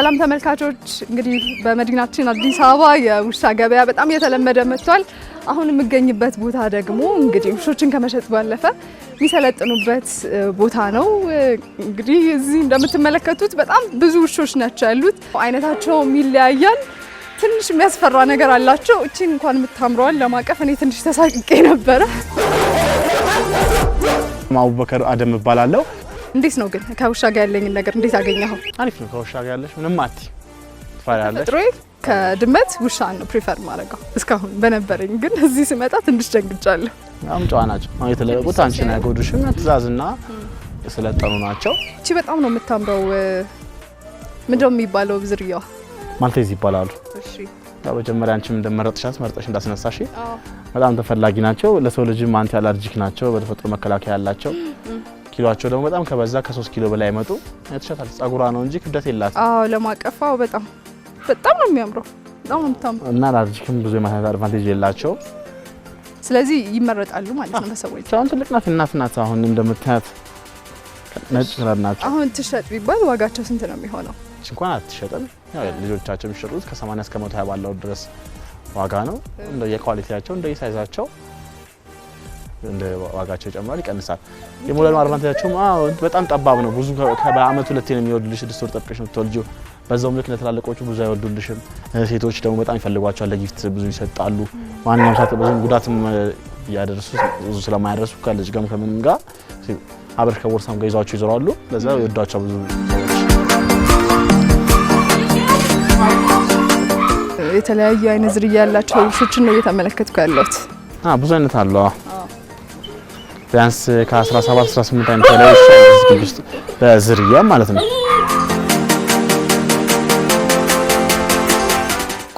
ሰላም ተመልካቾች፣ እንግዲህ በመዲናችን አዲስ አበባ የውሻ ገበያ በጣም እየተለመደ መጥቷል። አሁን የምገኝበት ቦታ ደግሞ እንግዲህ ውሾችን ከመሸጥ ባለፈ የሚሰለጥኑበት ቦታ ነው። እንግዲህ እዚህ እንደምትመለከቱት በጣም ብዙ ውሾች ናቸው ያሉት። አይነታቸውም ይለያያል። ትንሽ የሚያስፈራ ነገር አላቸው። እቺን እንኳን የምታምረዋል ለማቀፍ እኔ ትንሽ ተሳቅቄ ነበረ። አቡበከር አደም እባላለሁ። እንዴት ነው ግን ከውሻ ጋር ያለኝን ነገር እንዴት አገኘኸው? አሪፍ ነው። ከውሻ ጋር ያለሽ ምንም አቲ ትፈራለሽ። ከድመት ውሻ ነው ፕሪፈር ማድረገው እስካሁን በነበረኝ፣ ግን እዚህ ስመጣ ትንሽ ደንግጫለሁ። በጣም ጨዋ ናቸው። አሁን የተለቀቁት አንቺን አይጎዱሽም። ትእዛዝና የሰለጠኑ ናቸው። እቺ በጣም ነው የምታምረው። ምንድነው የሚባለው ዝርያዋ? ማልቴዝ ይባላሉ። እሺ መጀመሪያ አንቺም እንደመረጥሻት መርጠሽ እንዳስነሳሽ በጣም ተፈላጊ ናቸው። ለሰው ልጅም አንቲ አለርጂክ ናቸው። በተፈጥሮ መከላከያ ያላቸው ኪሎቸው ደግሞ በጣም ከበዛ ከ3 ኪሎ በላይ መጡ ተሸታል። ጸጉሯ ነው እንጂ ክብደት የላት። አዎ ለማቀፋው በጣም በጣም ነው የሚያምረው። በጣም ምታም እና ላርጅክም ብዙ የማሳት አድቫንቴጅ የላቸው። ስለዚህ ይመረጣሉ ማለት ነው በሰዎች። አሁን ትልቅ ናት እናት ናት። አሁን እንደምታያት ነጭ ናቸው። አሁን ትሸጥ ቢባል ዋጋቸው ስንት ነው የሚሆነው? እንኳን አትሸጥም። ልጆቻቸው የሚሸጡት ከ80 እስከ 120 ባለው ድረስ ዋጋ ነው። እንደየኳሊቲያቸው እንደየሳይዛቸው እንደ ዋጋቸው ይጨምራል፣ ይቀንሳል። የሞላል አድቫንቴጃቸውም በጣም ጠባብ ነው። ብዙ በአመት ሁለቴ ነው የሚወልድልሽ። ስድስት ወር ጠብቀሽ የምትወልጂው በዛውም ልክ ለትላልቆቹ ብዙ አይወልዱልሽም። ሴቶች ደግሞ በጣም ይፈልጓቸዋል። ለጊፍት ብዙ ይሰጣሉ። ማንኛውም ሰዓት ብዙ ጉዳትም እያደረሱ ብዙ ስለማያደርሱ ከልጅ ጋርም ከምንም ጋር አብረሽ ከቦርሳም ጋር ይዟቸው ይዞራሉ። ለዛ ይወዷቸዋል ብዙ የተለያዩ አይነት ዝርያ ያላቸው ውሾችን ነው እየተመለከትኩ ያለሁት። ብዙ አይነት አለ። ቢያንስ ከ17 18 አይነት በላይ ግቢ ውስጥ በዝርያ ማለት ነው።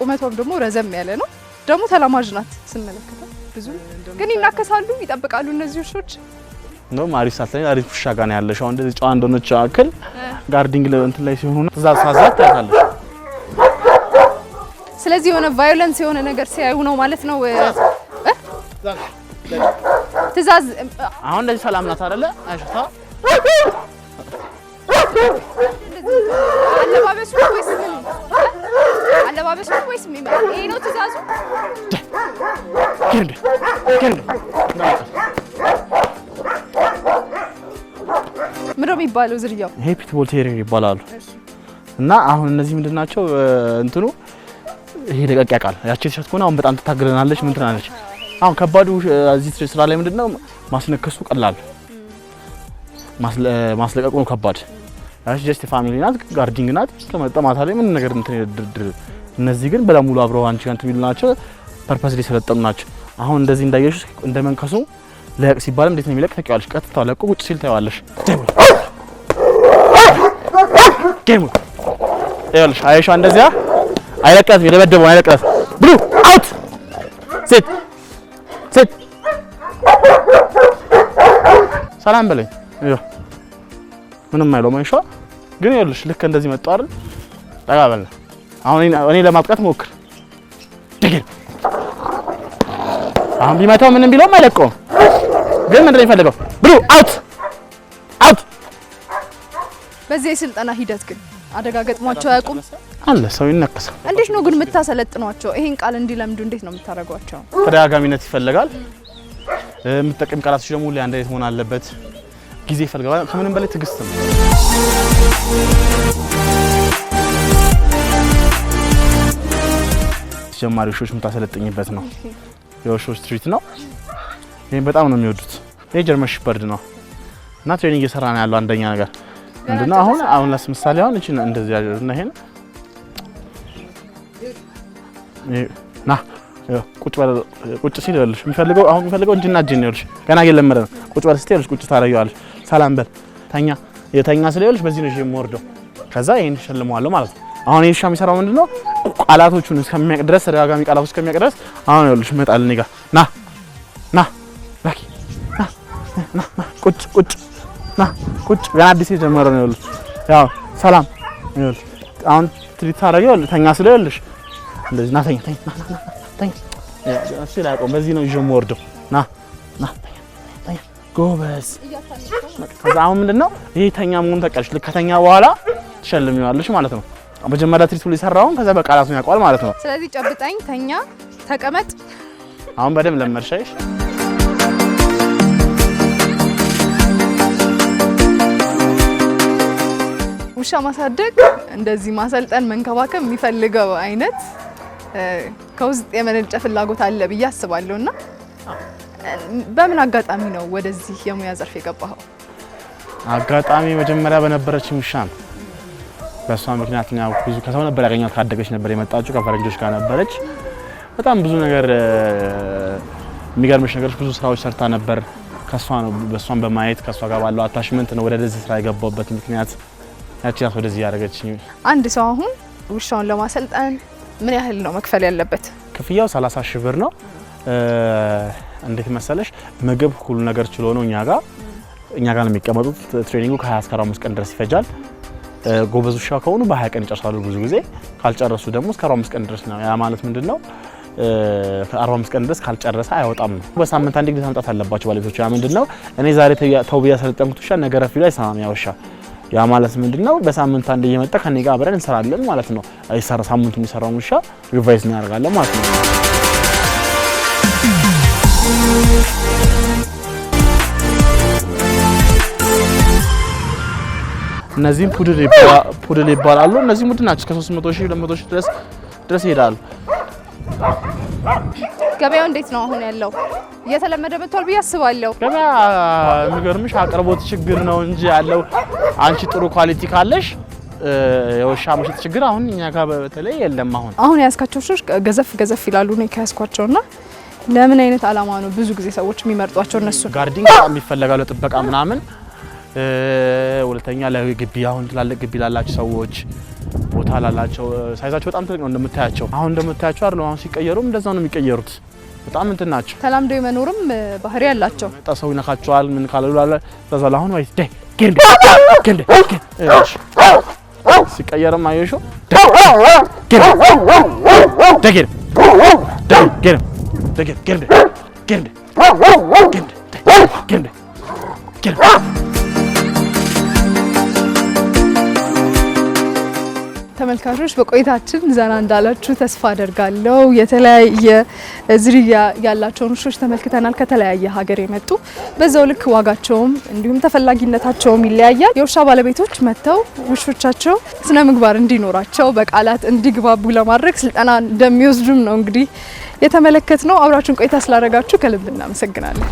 ቁመቷም ደግሞ ረዘም ያለ ነው። ደግሞ ተላማጅ ናት ስመለከተው። ብዙ ግን ይናከሳሉ፣ ይጠብቃሉ እነዚህ ውሾች እንደውም አሪፍ ሳት አሪፍ ውሻ ጋር ነው ያለሽ። አሁን እንደዚህ ጨዋ እንደሆነች አክል ጋርዲንግ እንትን ላይ ሲሆኑ ትእዛዝ ሳዛት ታያታለሽ። ስለዚህ የሆነ ቫዮለንስ የሆነ ነገር ሲያዩ ነው ማለት ነው። ትእዛዝ አሁን እንደዚህ ሰላም ናት አይደለ? አሽታ አለባበሱ ወይስ ምን አለባበሱ ወይስ ምን ይሄ ነው ትእዛዙ። ምንድን ነው የሚባለው ዝርያው? ይሄ ፒትቦል ቴሪየር ይባላሉ። እና አሁን እነዚህ ምንድን ናቸው? እንትኑ ይሄ ደቀቅ ያውቃል። ያቺ ተሸት አሁን በጣም ትታግለናለች። ምን ትላለች? አሁን ከባዱ እዚህ ስራ ላይ ምንድነው ማስነከሱ ቀላል ማስለቀቁ ነው ከባድ። ያች ጀስት ፋሚሊ ናት፣ ጋርዲንግ ናት። ከመጣ ማታ ላይ ምን ነገር እንትን ይደድር። እነዚህ ግን በሙሉ አብረው አንቺ ጋር እንትን የሚሉ ናቸው። ፐርፐስ ሊሰለጠኑ ናቸው። አሁን እንደዚህ እንዳየሽ እንደመንከሱ ለቅ ሲባል እንዴት ነው የሚለቅ ታውቂዋለሽ። ቀጥታ ለቁ ቁጭ ሲል ታይዋለሽ። ጌሙ ይኸውልሽ፣ አይሻ እንደዚያ አይለቀት የደበደበው አይለቀት ብሉ አውት ሴት ሰላም በለኝ። ምንም አይለውም አይሿ። ግን ይኸውልሽ ልክ እንደዚህ መጣ አይደል? ጠጋ በልና አሁን እኔ ለማጥቃት ሞክር። ትግል አሁን ቢመታው ምንም ቢለውም አይለቀውም። ግን ምንድን ነው የሚፈልገው? ብሉ አውት አውት። በዚህ የስልጠና ሂደት ግን አደጋ ገጥሟቸው አያውቁም? አለ ሰው ይነከሳል። እንዴት ነው ግን የምታሰለጥኗቸው? ይሄን ቃል እንዲለምዱ እንዴት ነው የምታደርጓቸው? ተደጋጋሚነት ይፈልጋል። የምትጠቀሚ ቃላቶች ደግሞ ሁሌ አንድ አይነት መሆን አለበት። ጊዜ ይፈልጋል። ከምንም በላይ ትዕግስት ነው። ጀማሪ ውሾች የምታሰለጥኝበት ነው። የውሾች ትሪት ነው። ይህም በጣም ነው የሚወዱት። ይህ ጀርመን ሽፐርድ ነው እና ትሬኒንግ እየሰራ ነው ያለው። አንደኛ ነገር ምንድነው አሁን አሁን ላስ ምሳሌ አሁን እቺ እንደዚህ ያደርና ይሄን ና ቁጭ በለ ቁጭ ሲል ይኸውልሽ የሚፈልገው አሁን የሚፈልገው እጅና እጅ ነው። ይኸውልሽ ገና እየለመደ ነው። ቁጭ በለ ስትይ ይኸውልሽ ቁጭ ታደርጊዋለሽ። ሰላም በል ተኛ የተኛ ስለ ይኸውልሽ በዚህ ነው የምወርደው። ከዛ ይሄን እሸልመዋለሁ ማለት ነው። አሁን ይሄ ውሻ የሚሰራው ቃላቶቹን ድረስ ተደጋጋሚ ድረስ አሁን ይኸውልሽ እመጣለሁ እኔ ጋር ና ና ላኪ ና ና ቁጭ ቁጭ ና ቁጭ ገና አዲስ የጀመረ ነው። ይኸውልሽ ያው ሰላም ይኸውልሽ አሁን ትሪት ተኛ ስለ ይኸውልሽ እንደዚህ ና ተኛ ተኛ ና ና በዚህ ነው ይዤ የምወርደው። ና ና፣ ጎበዝ። ከዛ አሁን ምንድን ነው ይሄ ተኛ መሆኑን ታውቂያለሽ። ልክ ከተኛ በኋላ ትሸልሚዋለሽ ማለት ነው። መጀመሪያ ትሪት ሁሉ የሰራውን ከዛ በቃላቱን ያውቀዋል ማለት ነው። ስለዚህ ጨብጠኝ፣ ተኛ፣ ተቀመጥ። አሁን በደንብ ለመርሻይሽ ውሻ ማሳደግ እንደዚህ ማሰልጠን መንከባከብ የሚፈልገው አይነት ከውስጥ የመነጨ ፍላጎት አለ ብዬ አስባለሁ። እና በምን አጋጣሚ ነው ወደዚህ የሙያ ዘርፍ የገባኸው? አጋጣሚ መጀመሪያ በነበረችኝ ውሻ ነው። በእሷ ምክንያት ብዙ ከሰው ነበር ያገኘኋት። ካደገች ነበር የመጣችው፣ ከፈረንጆች ጋር ነበረች። በጣም ብዙ ነገር የሚገርምሽ ነገሮች ብዙ ስራዎች ሰርታ ነበር። ከሷ ነው በእሷን በማየት ከእሷ ጋር ባለው አታሽመንት ነው ወደዚህ ስራ የገባሁበት ምክንያት ያቺ ናት። ወደዚህ ያደረገችኝ አንድ ሰው አሁን ውሻውን ለማሰልጠን ምን ያህል ነው መክፈል ያለበት? ክፍያው 30 ሺህ ብር ነው። እንዴት መሰለሽ ምግብ ሁሉ ነገር ችሎ ነው እኛ ጋር እኛ ጋር ነው የሚቀመጡት። ትሬኒንጉ ከ20 እስከ 45 ቀን ድረስ ይፈጃል። ጎበዝ ውሻ ከሆኑ በ20 ቀን ይጨርሳሉ ብዙ ጊዜ። ካልጨረሱ ደግሞ እስከ 45 ቀን ድረስ ነው። ያ ማለት ምንድን ነው 45 ቀን ድረስ ካልጨረሰ አይወጣም ነው። በሳምንት አንድ ጊዜ መምጣት አለባቸው ባለቤቶቹ። ያ ምንድን ነው እኔ ዛሬ ተው ብዬ ያሰለጠንኩት ውሻ ነገ ረፊዱ አይሰማም ያ ውሻ ያ ማለት ምንድን ነው? በሳምንት አንድ እየመጣ ከኔ ጋር አብረን እንሰራለን ማለት ነው። ሳምንቱ የሚሰራውን ውሻ ሪቫይዝ እናደርጋለን ማለት ነው። እነዚህም ፑድል ይባላሉ። እነዚህ ሙድ ናቸው። ከ300 ሺህ 200 ሺህ ድረስ ይሄዳሉ። ገበያው እንዴት ነው አሁን ያለው? እየተለመደ መጥቷል ብዬ አስባለሁ። ገበያ የሚገርምሽ አቅርቦት ችግር ነው እንጂ ያለው አንቺ ጥሩ ኳሊቲ ካለሽ የውሻ መሸጥ ችግር አሁን እኛ ጋር በተለይ የለም። አሁን አሁን የያዝካቸው ውሾች ገዘፍ ገዘፍ ይላሉ። ነው ከያዝኳቸው እና ለምን አይነት አላማ ነው ብዙ ጊዜ ሰዎች የሚመርጧቸው? እነሱ ጋርዲንግ በጣም ይፈለጋሉ፣ ጥበቃ ምናምን። ሁለተኛ ለግቢ አሁን ትላልቅ ግቢ ላላቸው ሰዎች ቦታ ላላቸው ሳይዛቸው በጣም ትልቅ ነው እንደምታያቸው። አሁን እንደምታያቸው አይደለም፣ አሁን ሲቀየሩም እንደዛ ነው የሚቀየሩት። በጣም እንትን ናቸው። ተላምዶ የመኖርም ባህሪ ያላቸው ሰው ይነካቸዋል። ምን ካለሉ ተዛላ አሁን ወይ ደ ገንደ ገንደ ሲቀየርም አየሾ ገንደ ገንደ ገንደ ተመልካቾች በቆይታችን ዘና እንዳላችሁ ተስፋ አደርጋለሁ። የተለያየ ዝርያ ያላቸውን ውሾች ተመልክተናል። ከተለያየ ሀገር የመጡ በዛው ልክ ዋጋቸውም እንዲሁም ተፈላጊነታቸውም ይለያያል። የውሻ ባለቤቶች መጥተው ውሾቻቸው ስነ ምግባር እንዲኖራቸው በቃላት እንዲግባቡ ለማድረግ ስልጠና እንደሚወስዱም ነው እንግዲህ የተመለከት ነው። አብራችሁን ቆይታ ስላደረጋችሁ ከልብ እናመሰግናለን።